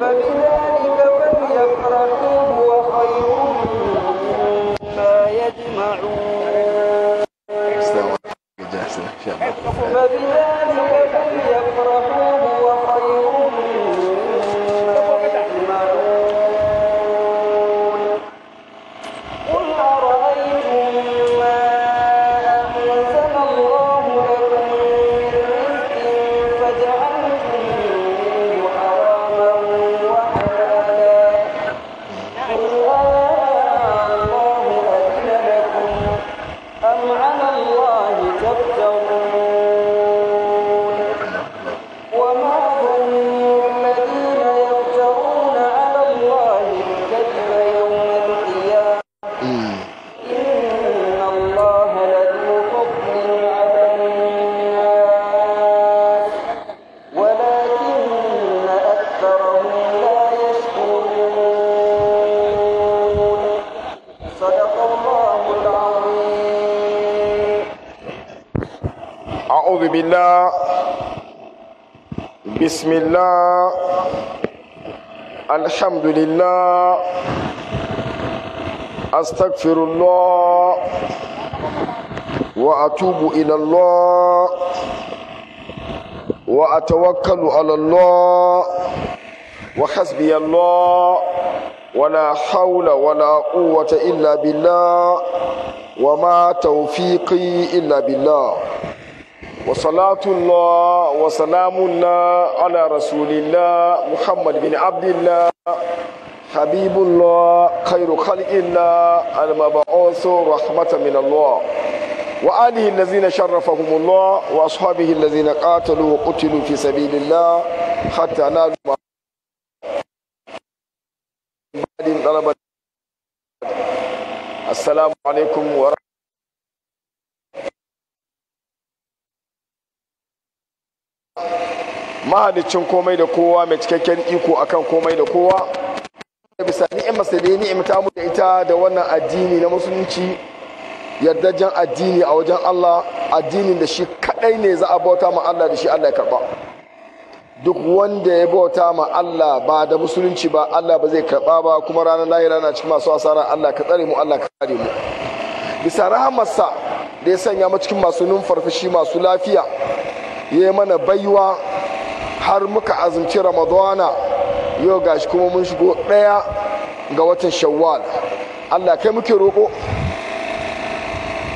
فبذلك فليفرحوا بالله بسم الله الحمد لله أستغفر الله وأتوب إلى الله وأتوكل على الله وحسبي الله ولا حول ولا قوة إلا بالله وما توفيقي إلا بالله وصلاة الله وسلام الله على رسول الله محمد بن عبد الله حبيب الله خير خلق الله المبعوث رحمة من الله وآله الذين شرفهم الله وأصحابه الذين قاتلوا وقتلوا في سبيل الله حتى نالوا السلام عليكم ورحمة mahalicin komai da kowa mai cikakken iko akan komai da kowa da bisa ni'imarsa da ya ta mu da ita da wannan addini na musulunci jan addini a wajen Allah addinin da shi kadai ne za a bauta ma Allah da shi Allah ya karba duk wanda ya bauta ma Allah ba da musulunci ba Allah ba zai karba ba kuma ranar lahira na cikin masu asara Allah ka tsare mu Allah ka kare mu bisa rahamarsa da ya sanya mu cikin masu numfarfashi masu lafiya ya yi mana baiwa har muka azumci ramadana yau gashi kuma mun shigo ɗaya ga watan shawwal allah kai muke roƙo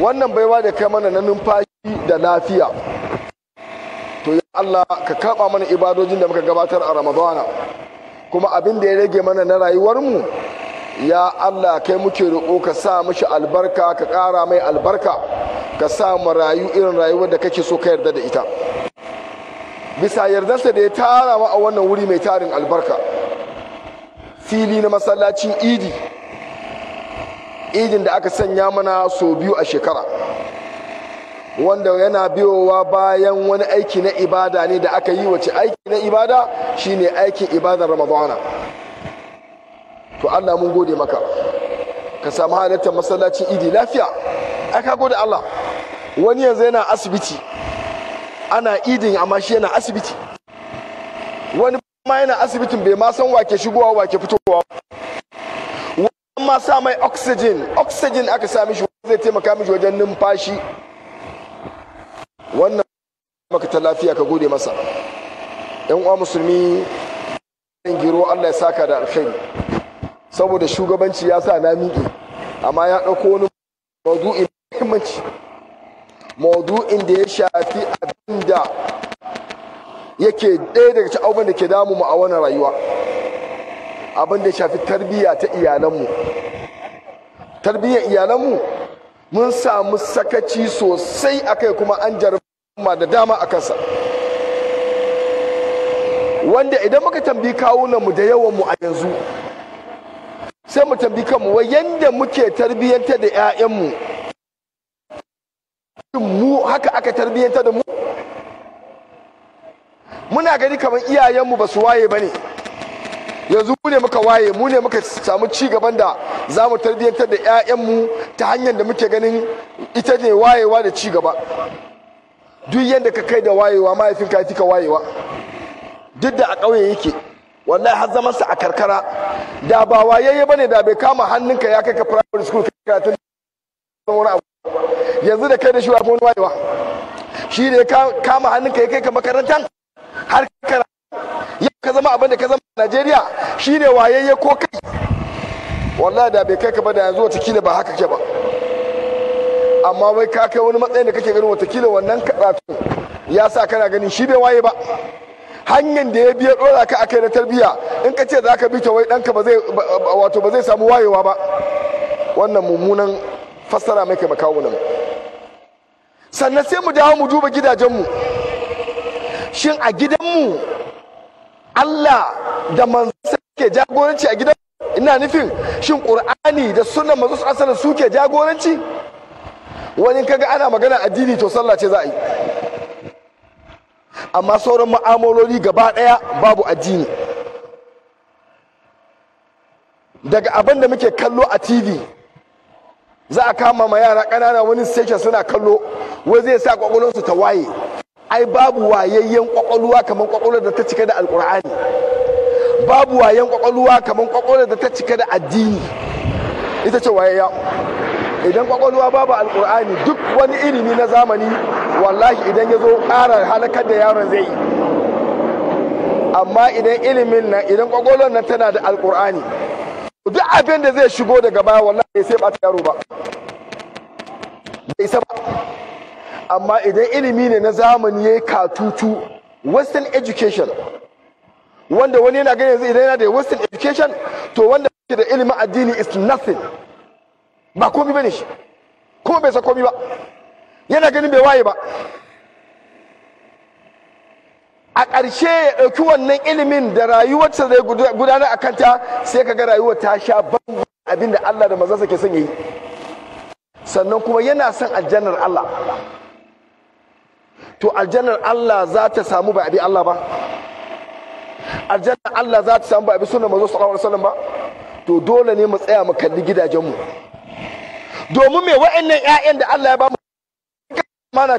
wannan baiwa da kai mana na numfashi da lafiya to ya allah ka kaba mana ibadojin da muka gabatar a ramadana kuma abin da ya rage mana na rayuwarmu ya allah kai muke roƙo ka sa mishi albarka ka ƙara mai albarka ka sa mu rayu irin rayuwar da kake so ka yarda da ita bisa yardarsa da ya tara mu a wannan wuri mai tarin albarka fili na masallacin idi idin da aka sanya mana sau biyu a shekara wanda yana biyowa bayan wani aiki na ibada ne da aka yi wace aiki na ibada shine aikin ibadar ramadana to allah mun gode maka ka samu halittar masallacin idi lafiya aka gode allah wani yanzu yana asibiti ana idin amma shi yana asibiti wani ma yana asibitin bai ma san wake shigowa wake fitowa wani ma sa mai oxygen oxygen aka sa mishi zai taimaka mishi wajen numfashi wannan maka ta lafiya ka gode masa yan uwa musulmi giro Allah ya saka da alkhairi saboda shugabanci ya sa na miƙe amma ya ɗauko wani maudu'i muhimmanci maudu'in da ya shafi abin da yake ɗaya daga ci abubuwan da ke damu mu a wannan rayuwa abin da ya shafi tarbiyya ta iyalanmu tarbiyyar iyalanmu mun samu sakaci sosai a kai kuma an jarumma da dama a kansa wanda idan muka tambi kawunanmu da yawanmu a yanzu sai mu tambi kanmu wa yanda muke tarbiyyanta da 'ya'yanmu mu haka aka tarbiyyanta da mu muna gani kamar iyayenmu ba su waye ba ne yanzu mu ne muka waye mu ne muka samu ci gaban da za mu tarbiyyantar da 'ya'yanmu ta hanyar da muke ganin ita ne wayewa da ci gaba duk yadda ka kai da wayewa mahaifinka ya ka wayewa duk da a ƙauye yake wallahi har zaman sa a karkara da ba wayayye bane da bai kama hannunka ya kai ka primary school ka karatun wani abu yanzu da kai da shi wa wayewa shi ne kama hannunka ya kai ka makarantar har kana ya ka zama abin da ka zama a Najeriya shi ne wayayye ko kai wallahi da bai kai ka ba da yanzu watakila ba haka ke ba amma wai ka kai wani matsayin da kake ganin watakila wannan karatu ya sa kana ganin shi bai waye ba hanyar da ya biya dora ka akai na tarbiyya in ka ce za ka bi ta wai ɗanka ba zai wato ba zai samu wayewa ba wannan mummunan fassara mai kai makawunan sannan sai mu dawo mu duba gidajenmu shin a gidanmu Allah da manzansa ke jagoranci a gidan ina nufin shin ƙur'ani da sunan manzo sallallahu suke jagoranci wani kaga ana magana addini to sallah ce za a yi amma sauran ma'amaloli gaba ɗaya babu addini daga abinda muke kallo a tv za a kama ma yara ƙanana wani station suna kallo wai zai sa kwakwalwarsu ta waye ai babu wayayyen kwakwalwa kamar kwakwalwar da ta cika da alkur'ani babu wayayyen kwakwalwa kamar kwakwalwar da ta cika da addini ita ce wayayya idan kwakwalwa babu alkur'ani duk wani ilimi na zamani wallahi idan ya zo ƙara halakar da yaron zai yi amma idan ilimin nan idan kwakwalwar nan tana da alkur'ani duk abin da zai shigo daga baya wallahi bai sai bata yaro ba bai ba amma idan ilimi ne na zamani yayi katutu western education wanda wani yana ganin yanzu idan yana da western education to wanda yake da ilimin addini is nothing ba komai bane shi kuma bai sa komai ba yana ganin bai waye ba a ƙarshe ya ɗauki wannan ilimin da rayuwarsa zai gudana a kanta sai kaga rayuwar ta sha bambam abin da Allah da mazansa ke son yi sannan kuma yana son aljannar Allah to aljannar Allah za ta samu ba abi Allah ba aljannar Allah za ta samu ba abi sunan mazo sallallahu alaihi wasallam ba to dole ne mu tsaya mu kalli gidajenmu domin me wa'annan 'ya'yan da Allah ya ba mu mana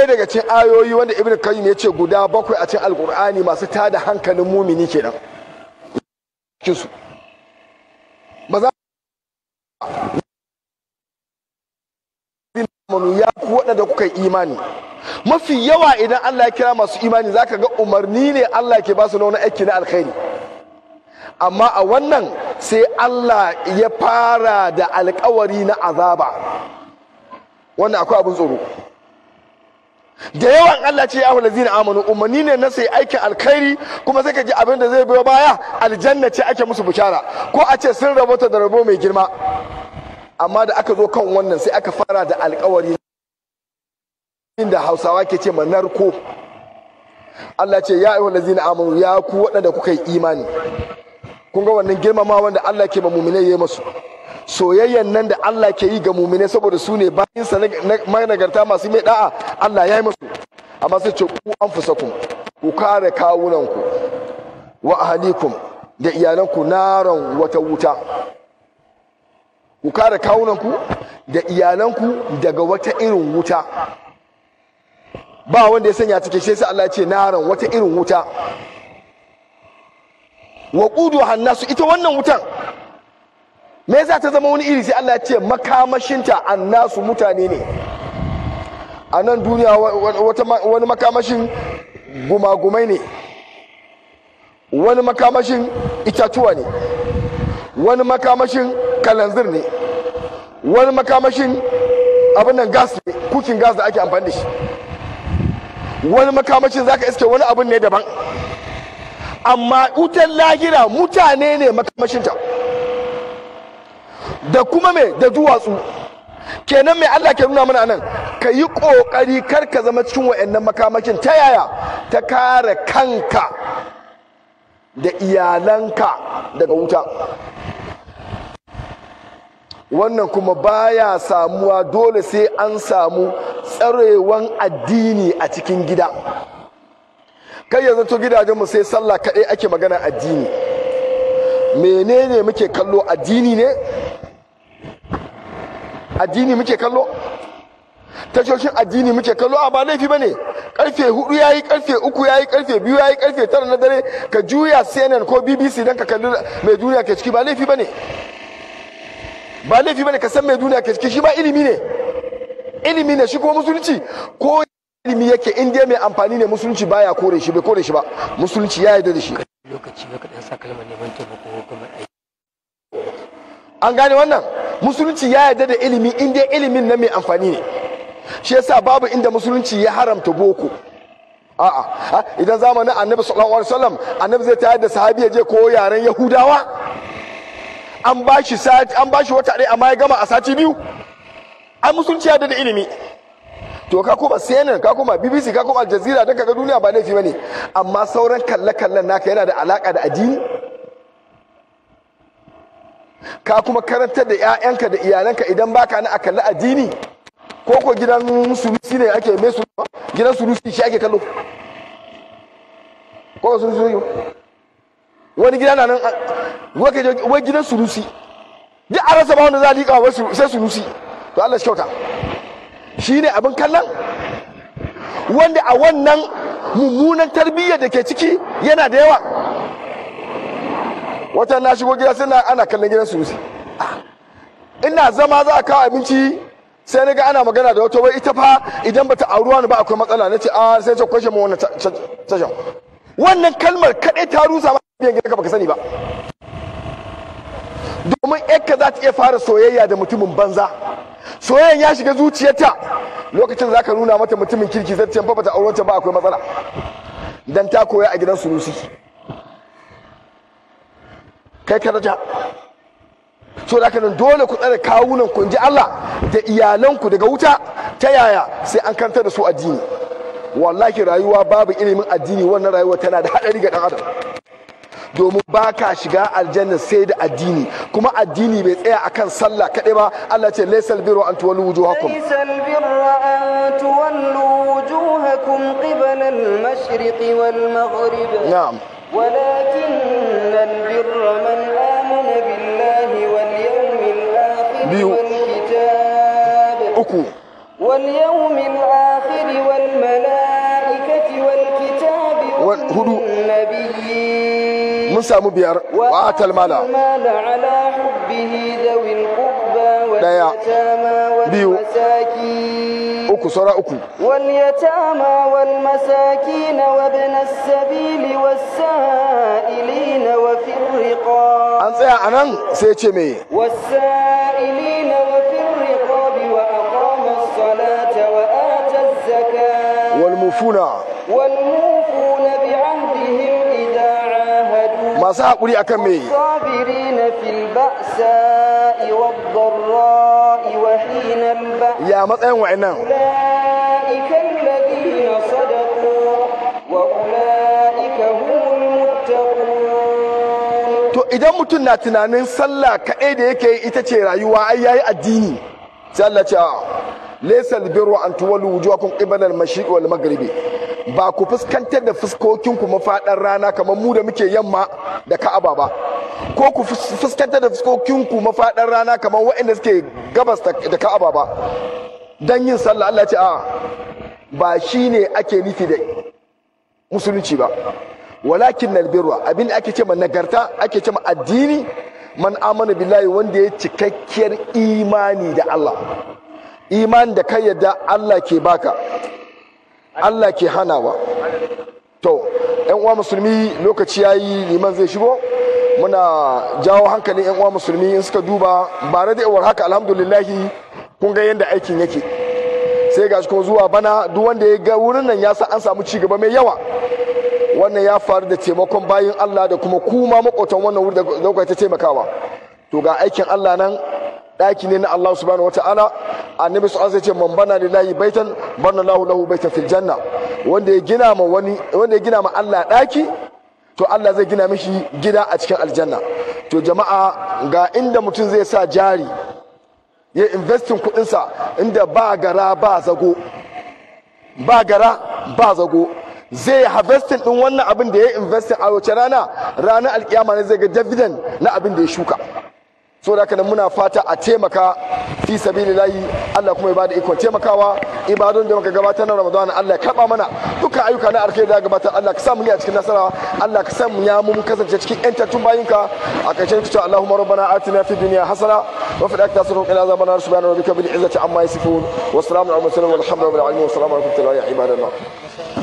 ɗaya daga cikin ayoyi wanda ibn qayyim ya ce guda bakwai a cikin alkur'ani masu tada hankalin mumini kenan kisu ba za ya ku waɗanda kuka yi imani mafi yawa idan Allah ya kira masu imani zaka ga umarni ne Allah ke ba su na wani aiki na alkhairi amma a wannan sai Allah ya fara da alkawari na azaba wannan akwai abin tsoro da yawan Allah ce ya hula zina amanu umarni ne na sai aikin alkhairi kuma sai ka ji abin da zai biyo baya aljanna ce ake musu bishara ko a ce sun rabota da rabo mai girma amma da aka zo kan wannan sai aka fara da alkawari inda hausawa ke ce narko Allah ce ya ayyuhal amanu ya ku waɗanda kuka yi imani kun ga wannan girmama wanda Allah ke ba mu'minai yayi masu soyayyan nan da Allah ke yi ga mumine saboda su ne bayan sa managarta masu mai da'a Allah ya yi musu amma sai ce ku an fusa ku kare kawunanku wa ahalikum da iyalanku naran wata wuta ku kare kawunanku da iyalanku daga wata irin wuta ba wanda ya sanya cikin shi sai Allah ya ce naran wata irin wuta wa qudu hannasu ita wannan wutan me za ta zama wani iri sai Allah ya ce makamashinta annasu mutane ne a nan duniya wani makamashin gumagumai ne wani makamashin itatuwa ne wani makamashin kalanzir ne wani makamashin abin nan gas ne kukin gas da ake amfani da shi wani makamashin zaka iske wani abin ne daban amma wutar lahira mutane ne makamashinta da kuma me da duwatsu kenan mai Allah ke nuna mana nan ka yi ƙoƙari kar ka zama cikin wa'annan makamakin ta yaya ta kare kanka da iyalanka daga wuta wannan kuma baya samuwa dole sai an samu tsarewan addini a cikin gida kai ya zato gidajenmu sai sallah kaɗai ake magana addini menene muke kallo addini ne addini muke kallo tashoshin addini muke kallo a ba laifi bane karfe hudu yayi karfe uku yayi karfe biyu yayi karfe tara na dare ka juya CNN ko BBC dan ka kalli mai duniya ke ciki ba laifi bane ba laifi bane ka san mai duniya ke ciki shi ba ilimi ne ilimi ne shi kuma musulunci ko ilimi yake in mai amfani ne musulunci baya kore shi bai kore shi ba musulunci ya yarda da shi lokaci ka dan sa kalmar neman taimako kuma an gane wannan musulunci ya yarda da ilimi in ilimin na mai amfani ne shi yasa babu inda musulunci ya haramta boko a'a idan zamanin annabi sallallahu alaihi wasallam annabi zai tayar da sahabi ya je ko yaren yahudawa an ba shi an ba shi wata ɗaya amma ya gama a sati biyu an musulunci ya da ilimi to ka koma CNN ka koma BBC ka koma Al Jazeera don ga duniya ba laifi bane amma sauran kalle-kallen naka yana da alaka da addini ka kuma karantar da 'ya'yanka da iyalanka idan baka na a kalla addini ko ko gidan surusi ne ake mai su gidan surusi shi ake kallo ko surusi wani gida na nan Wai gidan surusi duk an rasa ba wanda za a liƙa wasu sai surusi to Allah shi kyauta shi ne abin kallon wanda a wannan mummunan tarbiyyar da ke ciki yana da yawa wata na shigo gida sai na ana kallon gidan sunusi ina zama za a kawo abinci sai na ga ana magana da wata wai ita fa idan bata auruwa ni ba akwai matsala na ce a ah, sai ta kwashe mu wannan tashan wannan kalmar kaɗai ta rusa ma biyan ka baka sani ba domin ka za ta iya fara soyayya da mutumin banza soyayyan ya shiga zuciyarta lokacin za ka nuna mata mutumin kirki zai ce fa bata auruwa ta ba akwai matsala dan ta koya a gidan sunusi kai ka raja so da nan dole ku tsare kawunan ku ji Allah da iyalanku daga wuta ta yaya sai an kanta da su addini wallahi rayuwa babu ilimin addini wannan rayuwa tana da hadari ga dan adam domin ba ka shiga aljanna sai da addini kuma addini bai tsaya akan sallah kaɗai ba Allah ce laysal birru an tuwallu wujuhakum laysal birru an tuwallu wujuhakum qibala al-mashriqi wal maghrib na'am ولكن البر من آمن بالله واليوم الآخر والكتاب واليوم الآخر والملائكة والكتاب والنبيين من سامو بيار وآتى المال على حبه ذوي القربى واليتامى والمساكين واليتامى والمساكين وابن السبيل والسائلين وفي الرقاب أنت يا أنا سيتمي والسائلين وفي الرقاب وأقام الصلاة وآتى الزكاة والمفونة والمفونة بعهدهم إذا عاهدوا ما سأقولي أكمي والصابرين في البأساء والضراء a matsayin wa'annan to idan mutum na tunanin sallah kaɗai da yake ita ce rayuwa ai yayi addini sai Allah ce laysa albirru an tuwallu wujuhakum qibala al-mashriq wal maghribi ba ku fuskantar da fuskokin ku mafaɗar rana kamar mu da muke yamma da Ka'aba ba ko ku fuskantar da fuskokin ku mafaɗar rana kamar waɗanda suke gabas da Ka'aba ba don yin sallah Allah ce a ba shi ne ake nufi da musulunci ba walakin nalbirwa abin da ake ce ma nagarta ake ce ma addini man amana billahi wanda ya cikakkiyar imani da Allah imani da kai yadda Allah ke baka Allah ke hanawa to yan uwa musulmi lokaci yayi liman zai shigo muna jawo hankalin yan uwa musulmi in suka duba bare da yawar haka alhamdulillahi kun ga yadda aikin yake sai gashi kuma zuwa bana duk wanda ya ga wurin nan ya sa an samu ci gaba mai yawa wannan ya faru da taimakon bayin Allah da kuma kuma makotan wannan wurin da kuka ta taimakawa to ga aikin Allah nan daki ne na Allah subhanahu wataala annabi su an ce man bana lillahi baitan banna lahu lahu baitan fil janna wanda ya gina ma wani wanda ya gina ma Allah daki to Allah zai gina mishi gida a cikin aljanna to jama'a ga inda mutum zai sa jari ya investin kudinsa inda ba gara ba zago ba gara ba zago zai harvesting din wannan abin da ya investin a wace rana ranar alkiyama ne zai ga dividend na abin da ya shuka so da kana muna fata a taimaka fi sabilillahi Allah kuma ya bada ikon taimakawa ibadun da muka gabatar na Ramadan Allah ya kaba mana dukkan ayyuka na alkhairi da gabatar Allah ka samu ne a cikin nasara Allah ka samu ya mun kasance cikin yantattun bayinka a ƙarshen cewa Allahumma rabbana atina fid dunya hasana وفي الاكل تصرهم إلى عذاب النار سبحانه وبك بالعزة عما يصفون والسلام على المرسلين والحمد لله والسلام عليكم ورحمة الله يا عباد الله